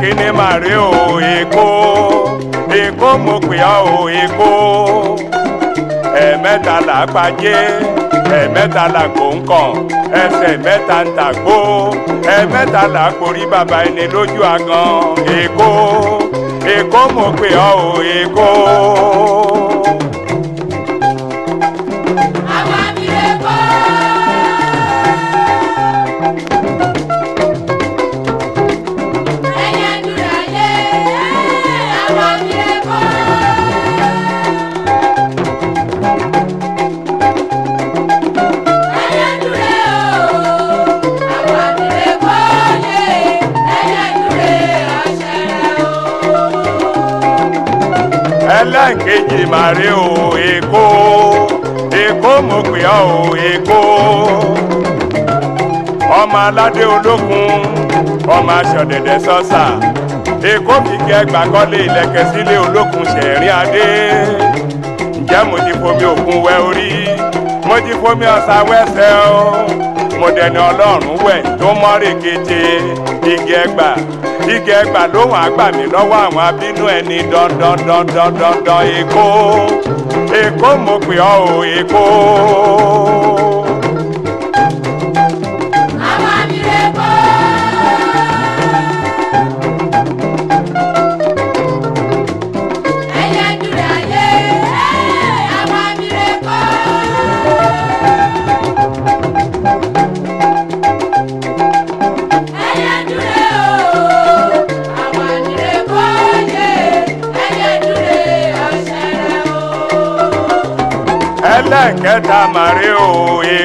kíní mà rí o èkó èkó mo pè ọ́ o èkó ẹ̀ẹ̀mẹ́ta là á pàjé ẹ̀ẹ̀mẹ́ta là kò ń kàn ẹsẹ̀ mẹ́ta ń tàgbó ẹ̀ẹ̀mẹ́ta là á porí bàbá ẹni lójú àgàn èkó èkó mo pè ọ́ o èkó. Èdùmàrè o Èkó Èkó mo pè ọ́ o Èkó ọmọ aládé olókun ọmọ aṣọ̀dẹ̀dẹ̀ sọ́sà Èkó kìkẹ́ gbàkọ́lé ìlẹ̀kẹ̀ sílé olókun ṣẹ̀rí adé ǹjẹ́ mo ti fomi òkun wẹ orí mo ti fomi ọ̀sà wẹ́sẹ̀ o. mọdẹni ọlọ́run wẹ̀ tó mọ́rì kété igi ẹgbà igi ẹgbà lóhùn àgbà lọ́wọ́ àwọn abínú ẹni dandandandandandan mo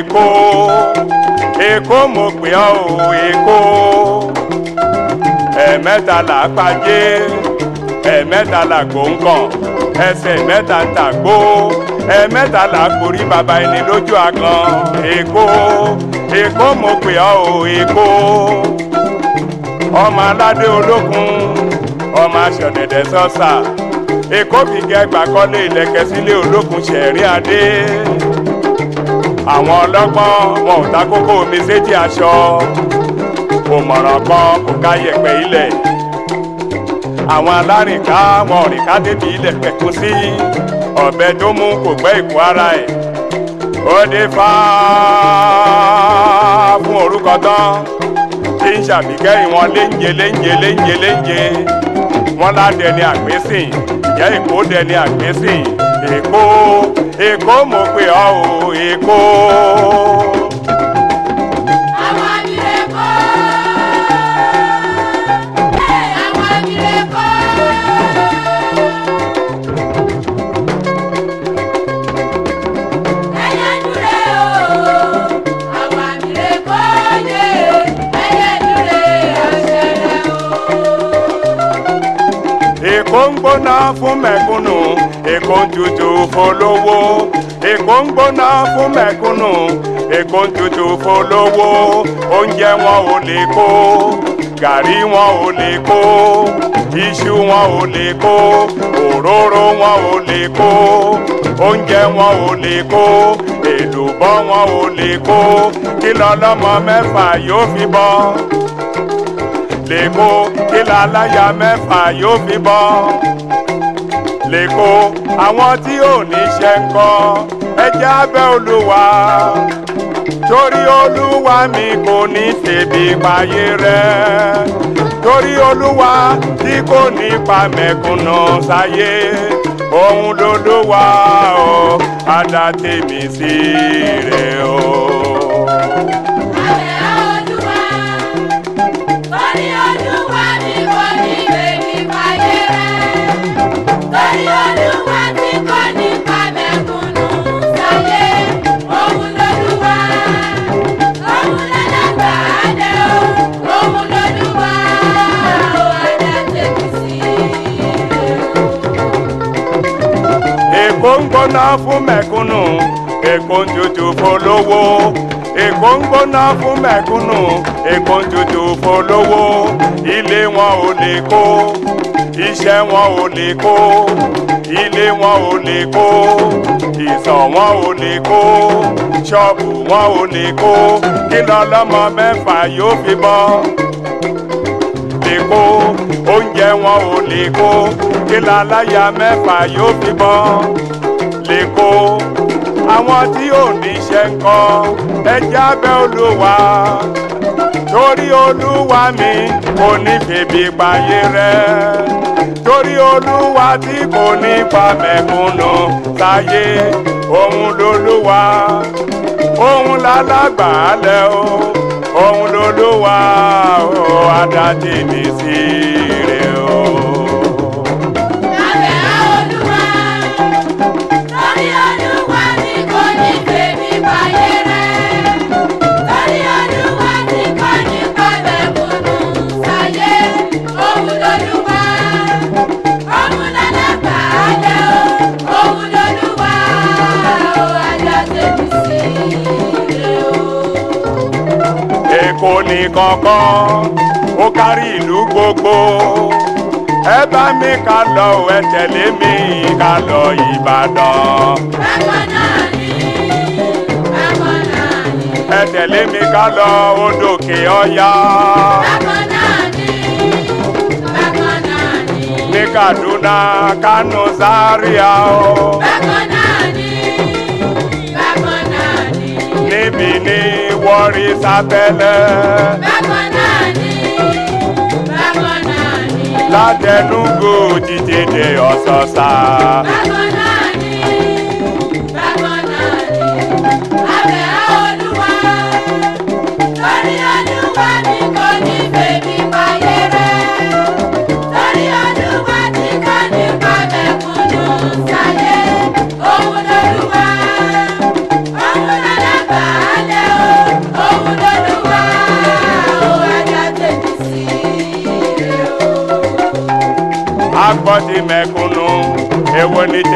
Eko, eko mo pè ọ́ o èkó ẹ̀mẹ́ta là á pàjé ẹ̀mẹ́ta là gbòǹkàn ẹsẹ̀ mẹ́ta ń tàgbó ẹ̀mẹ́ta là á forí baba ẹni lójú àgàn eko. èkó mo pè ọ́ o èkó ọmọ aládé olókun ọmọ aṣọ̀dẹ̀dẹ̀ sọ́sà èkó fi gẹ́gbà kọ́lé ilẹ̀kẹ̀ olókun ṣẹ̀rí àwọn ọlọ́gbọ́n wọn ò ta kókó omi sétí aṣọ kò mọ̀ràn kan kò ká yẹ̀pẹ̀ ilẹ̀ àwọn alárìnká wọn ò rìn ká débi ilẹ̀ pẹ̀kú sí ọ̀bẹ tó mú kò gbẹ́ ìkún ara ẹ̀ ó dé fá fún orúkọ tán tí ń ṣàbíkẹ́ ìwọ̀n léńje léńje léńje léńje wọ́n ládẹ ní àgbésìn ìyá èkó dẹ ní àgbésìn èkó èkó mo pè ọ́ o èkó. fún mẹ̀kúnnù èkó ń tutù fólówó èkó ń gbóná fún mẹ̀kúnnù èkó ń tutù fólówó oúnjẹ wọn ò lè kó gàrí wọn ò lè kó iṣu wọn ò lè kó òróró wọn ò lè kó oúnjẹ wọn ò lè kó èlùbọ́ wọn ò lè kó kí lọ́lọ́mọ mẹ́fà yóò fi bọ́ lè kó kí làláyà mẹ́fà yóò fi bọ́ lẹ́kọ́ àwọn tí ò ní ṣe ń kọ́ ẹjẹ́ abẹ́ olúwa torí olúwa mi kò ní ṣèbí payé rẹ̀ torí olúwa tí kò ní pa mẹ̀kúnnù sáyé òun lòdò wa ọ adá tèmi sí rẹ̀ o. gbóná fún mẹ̀kúnnù èkó ń tutù polówó èkó ń gbóná fún mẹ̀kúnnù èkó ń tutù polówó ilé wọn ò lè kó iṣẹ́ wọn ò lè kó ilé wọn ò lè kó ìsàn wọn ò lè kó ṣọ́ọ̀bù wọn ò lè kó kí lọ́lọ́mọ mẹ́fà yóò fi bọ́ lè oúnjẹ wọn ò lè kó kí láláyà mẹ́fà yóò fi bọ́ lẹ́kọ́ àwọn tí ò níṣẹ́ ńkọ́ ẹjẹ́ abẹ́ olúwa torí olúwa mi kò ní fèbí payé rẹ torí olúwa tí kò ní pa mẹ̀kúnnù sáyé òun lolúwa òun lálágbàálẹ̀ o òun lolúwa ó adá tèmi sí i. mi kọ́kọ́ ó kárí ìlú gbogbo ẹ bá mi ká lọ ẹ tẹ̀lé mi ká lọ Ìbàdàn. ni bákan náà ni. ẹ tẹ̀lé mi ká lọ odòkè ọya. ni bákan ni. ní Kaduna Kano Zaria o. bákan náà ni bákan náà ni. níbi ni. Warri sábẹ́lẹ̀. bákan náà ni bákan náà ni. ládẹnugò jíjẹ dé ọ̀sọ̀ọ̀sà. bákan náà.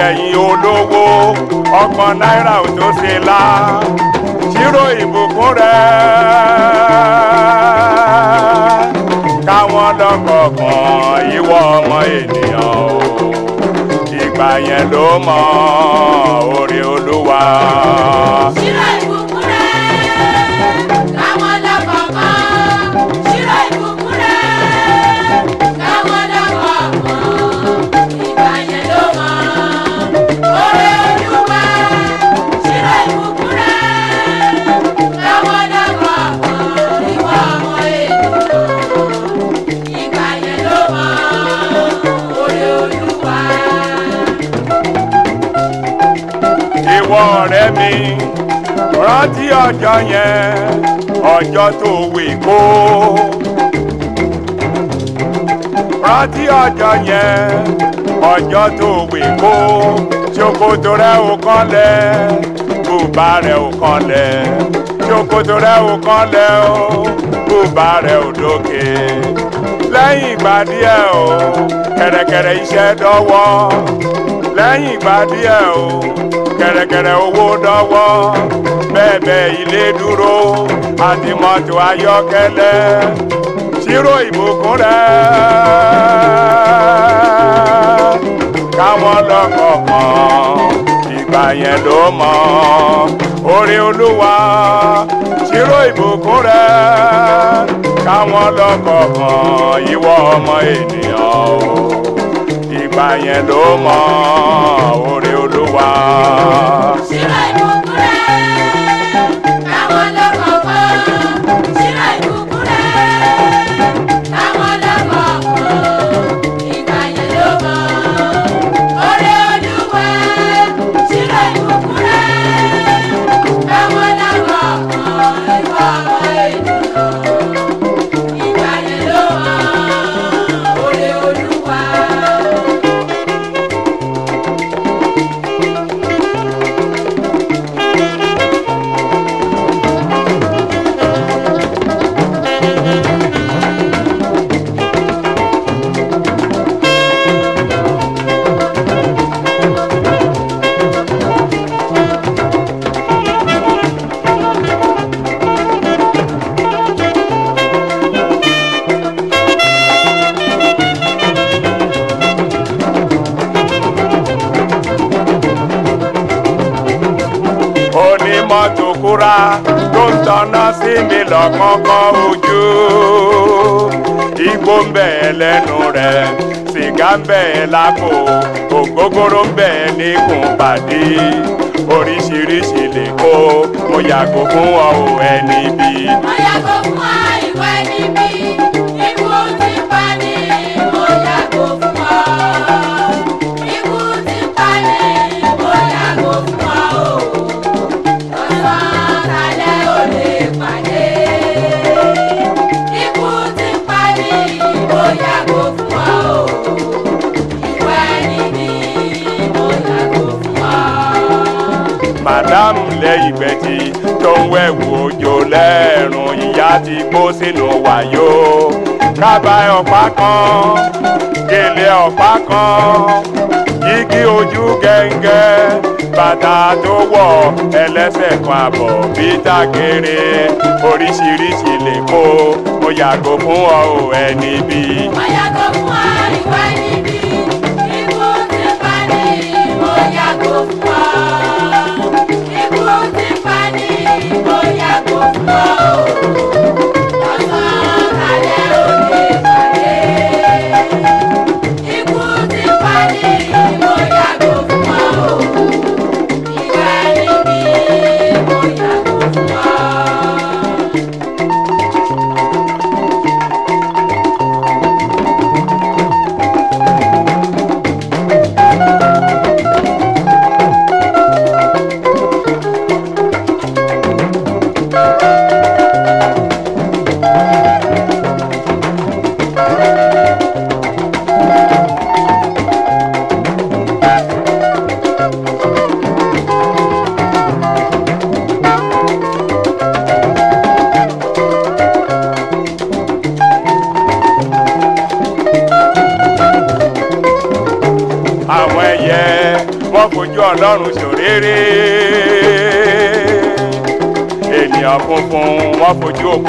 ẹ̀yin olówó ọgbọ̀n náírà ò tó ṣe la ṣírò ìbùkún rẹ káwọn lọ́kọ̀ọ̀kan ìwọ ọmọ ènìyàn o ìgbà yẹn ló mọ orí olúwa. ṣírò ìbùkún rẹ. rántí ọjọ́ yẹn ọjọ́ tó wè kó. rántí ọjọ́ yẹn ọjọ́ tó wè kó. ṣòkòtò rẹ̀ ò kọ́lẹ̀ bùbá rẹ̀ ò kọ́lẹ̀ ṣòkòtò rẹ̀ ò kọ́lẹ̀ o bùbá rẹ̀ ò dókè. lẹ́yìn ìgbà díẹ̀ o kẹ̀rẹ̀kẹ̀rẹ̀ iṣẹ́ dọ́wọ́ lẹ́yìn ìgbà díẹ̀ o kẹ̀rẹ̀kẹ̀rẹ̀ owó dọ́wọ́ bẹ́ẹ̀bẹ́ ilé dúró àti mọ́tò ayọ́kẹ́lẹ́ ṣírò ìbùkún rẹ̀ káwọn lọ́kọ̀ọ̀kan ìgbà yẹn ló mọ̀ orí olúwa ṣírò ìbùkún rẹ̀ káwọn lọ́kọ̀ọ̀kan ìwọ ọmọ ènìyàn o ìgbà yẹn ló mọ̀ orí olúwa. ìrora tó ń tọ́nà sí mi lọ́kọ́kọ́ ojú. Igbó ń bẹ̀ lẹ́nu rẹ̀, sìgá ń bẹ̀ lápò, ògógóró ń bẹ̀ níkùn pàdé. Oríṣiríṣi lè kó, mo yàgò fún ọ ẹni bí. Mo yàgò fún ọ. Kaba ọ̀pá kan gèlè ọ̀pá kan yígí ojú gẹ́ngẹ́ bàtà tó wọ̀ ẹlẹ́sẹ̀ kan àbọ̀ bíi tágéré oríṣiríṣi lè kó mo yàgò fún ọ ò ẹni bí. mo yàgò fún ọ ìwà ẹni bí.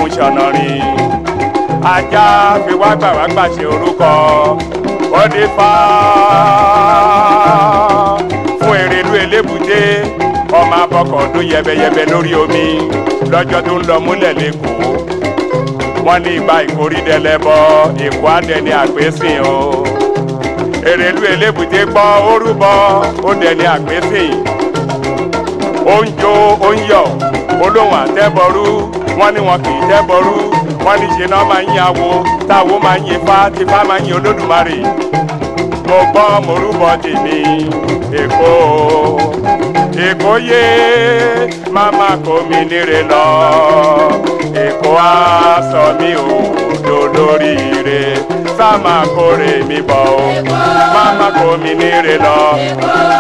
ogun ṣànàrin ajá fi wá gbà wá gbàṣẹ orúkọ bọ́dé fà á fún èrèlú elébùté ọmọ abọkọ̀ ọdún yẹbẹyẹbẹ lórí omi lọ́jọ́ tó ń lọ múlẹ̀ lẹ́kọ̀ọ́ wọ́n ní ìgbà ìkórìdẹ́lẹ́bọ èkó àdẹni àgbésìn o èrèlú elébùté gbọ́ ó rúbọ ó dẹni àgbésìn ó ń jó ó ń yọ̀ olóhùn àtẹ́bọrú wọ́n ní wọn kì í jẹ́ bọ́rú wọ́n ní ṣe náà máa ń yin awo táwo máa ń yin fa tipa máa ń yin olódùmarè mo gbọ́ morúbọ tèmi èkó èkó yé màmá kò mí nírè lọ èkó á sọ mí ò dò lóríire. Sama kore mi bọ̀ mama má má kó mi níre lọ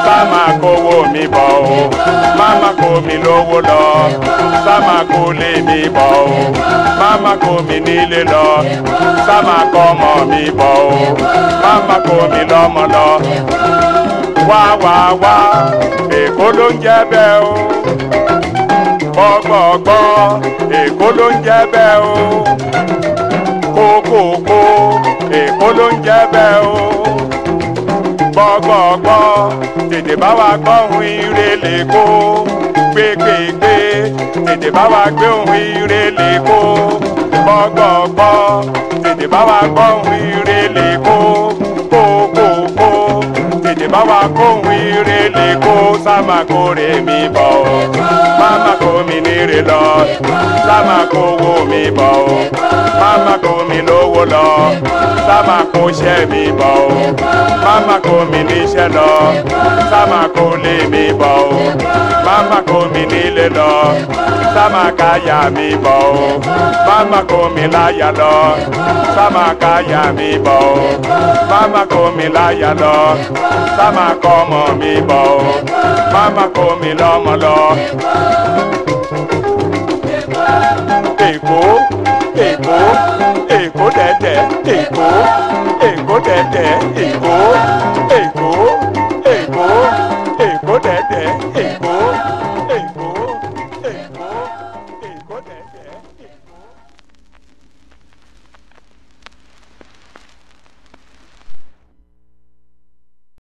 sá máa mi bọ̀ mama má má kó mi lówó lọ sá máa mi bọ̀ mama má má kó mi nílé lọ sá máa mi bọ̀ mama má má kó mi lọ́mọ lọ wá wá wá èkó ló ń jẹ́ bẹ́ẹ̀ o gbọ́gbọ́gbọ́ èkó ló ń jẹ́ o kókòkó èkó ló ń jẹ́ bẹ́ẹ̀ o gbọ́gbọ́gbọ́ tètè bá wa gbọ́ ohun ire lè kó gbégbégbé tètè bá wa gbé ohun ire lè kó gbọ́gbọ́gbọ́ tètè bá wa gbọ́ ohun ire lè kó kókòkó tètè bá wa kó ohun ire ni kó sáma kó re mi bọ̀ Mama máma kó mi níre lọ sáma kó wo mi bọ̀ Mama máma kó mi lówó lọ sáma kó ṣẹ́ mi bọ̀ Mama máma kó mi níṣẹ́ lọ sáma kó lé mi bọ̀ o máma kó mi nílé lọ sáma káyà mi bọ̀ o máma la ya láyà lọ sáma káyà mi bọ̀ Mama máma kó mi láyà lọ sáma kọ́ mọ́ mi bọ̀ o má má kó mi lọ́mọ lọ. Èkó Èkó Èkó dẹ̀dẹ̀ Èkó Èkó dẹ̀dẹ̀ Èkó.